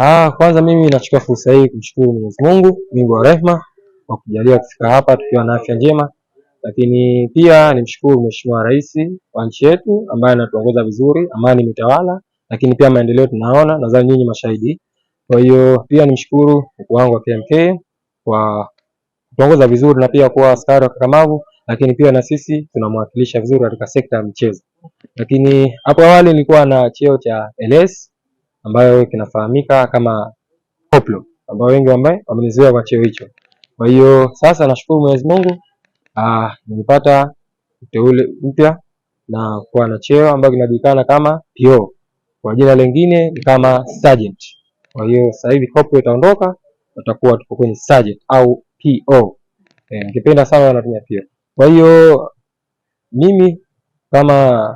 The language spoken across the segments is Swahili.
Ah, kwanza mimi nachukua fursa hii kumshukuru Mwenyezi Mungu Mungu wa rehema kwa kujalia kufika hapa tukiwa na afya njema, lakini pia nimshukuru Mheshimiwa Rais wa nchi yetu ambaye anatuongoza vizuri, amani imetawala, lakini pia maendeleo tunaona, nadhani nyinyi mashahidi. Kwa hiyo pia nimshukuru mkuu wangu wa KMK kwa kutuongoza vizuri na pia kuwa askari wa kakamavu, lakini pia na sisi tunamwakilisha vizuri katika sekta ya michezo. Lakini hapo awali nilikuwa na cheo cha LS ambayo kinafahamika kama koplo, ambao wengi ambaye wamezoea kwa cheo hicho. Kwa hiyo sasa nashukuru Mwenyezi Mungu ah, nilipata uteule mpya na kuwa na cheo ambayo kinajulikana kama PO, kwa jina lingine ni kama sergeant. Kwa hiyo sasa hivi koplo itaondoka, watakuwa tuko kwenye sergeant au PO. Eh, ningependa e, sana wanatumia PO. Kwa hiyo mimi kama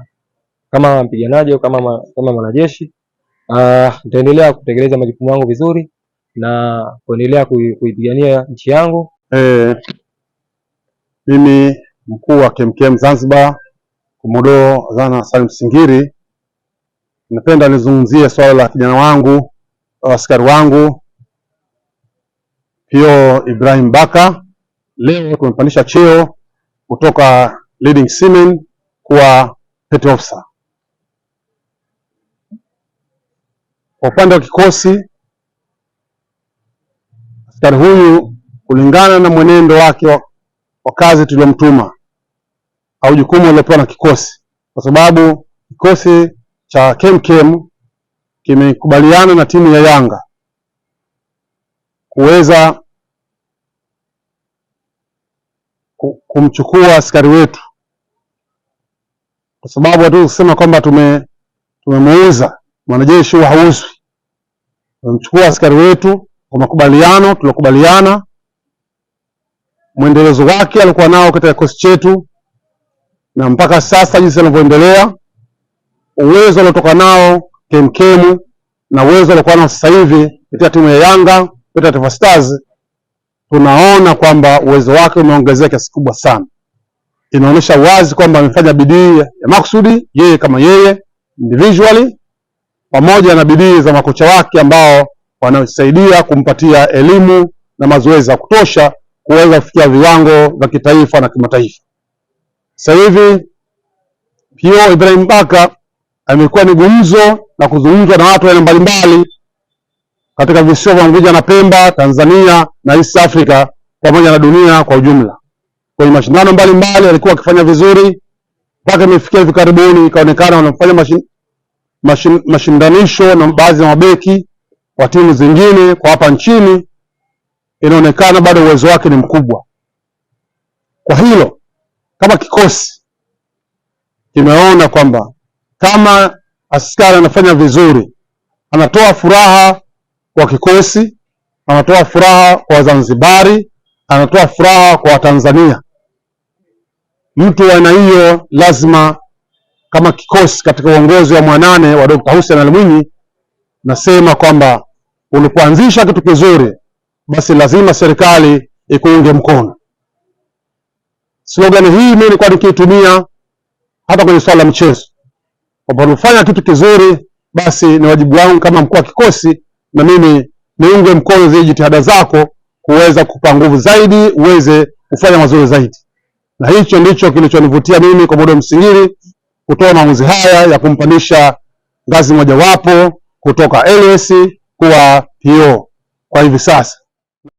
kama mpiganaji au kama kama mwanajeshi Ah, nitaendelea uh, kutekeleza majukumu yangu vizuri na kuendelea kuipigania nchi yangu. Eh, mimi mkuu wa KMKM Zanzibar Komodoro Zana Salim Singiri napenda nizungumzie swala la kijana wangu askari wangu Pio Ibrahim Baka. Leo tumepandisha cheo kutoka leading seaman kuwa petty officer. Kwa upande wa kikosi, askari huyu kulingana na mwenendo wake wa, kazi tuliyomtuma au jukumu alilopewa na kikosi, kwa sababu kikosi cha KMKM kimekubaliana na timu ya Yanga kuweza kumchukua askari wetu, kwa sababu hatuwezi kusema kwamba tumemuuza mwanajeshi hauzwi. Tumemchukua askari wetu kwa makubaliano tuliokubaliana, mwendelezo wake alikuwa nao katika kikosi chetu, na mpaka sasa jinsi anavyoendelea, uwezo aliotoka nao kemkemu na uwezo aliokuwa nao sasa hivi katika timu ya Yanga, katika Taifa Stars, tunaona kwamba uwezo wake umeongezeka kiasi kubwa sana. Inaonyesha wazi kwamba amefanya bidii ya makusudi, yeye kama yeye individually pamoja na bidii za makocha wake ambao wanasaidia kumpatia elimu na mazoezi ya kutosha kuweza kufikia viwango vya kitaifa na kimataifa. Sasa hivi Pio Ibrahim Baka amekuwa ni gumzo na kuzungumzwa na watu aina mbalimbali katika visiwa vya Unguja na Pemba, Tanzania na East Africa pamoja na dunia kwa ujumla. Kwenye mashindano mbalimbali alikuwa akifanya vizuri mpaka imefikia hivi karibuni ikaonekana wanamfanya mashin, mashindanisho na baadhi ya mabeki wa timu zingine kwa hapa nchini, inaonekana bado uwezo wake ni mkubwa. Kwa hilo kama kikosi kimeona kwamba kama askari anafanya vizuri, anatoa furaha kwa kikosi, anatoa furaha kwa Wazanzibari, anatoa furaha kwa Watanzania, mtu wa aina hiyo lazima kama kikosi katika uongozi wa mwanane wa Dr. Hussein Ali Mwinyi, nasema kwamba ulipoanzisha kitu kizuri, basi lazima serikali ikuunge mkono. Slogan hii mimi nilikuwa nikiitumia hata kwenye swala la mchezo, kwamba ulifanya kitu kizuri, basi ni wajibu wangu kama mkuu wa kikosi na mimi niunge mkono zile jitihada zako kuweza kupa nguvu zaidi uweze kufanya mazuri zaidi, na hicho ndicho kilichonivutia mimi kwa Komodo Msingiri kutoa maamuzi haya ya kumpandisha ngazi mojawapo kutoka LS kuwa PO kwa hivi sasa.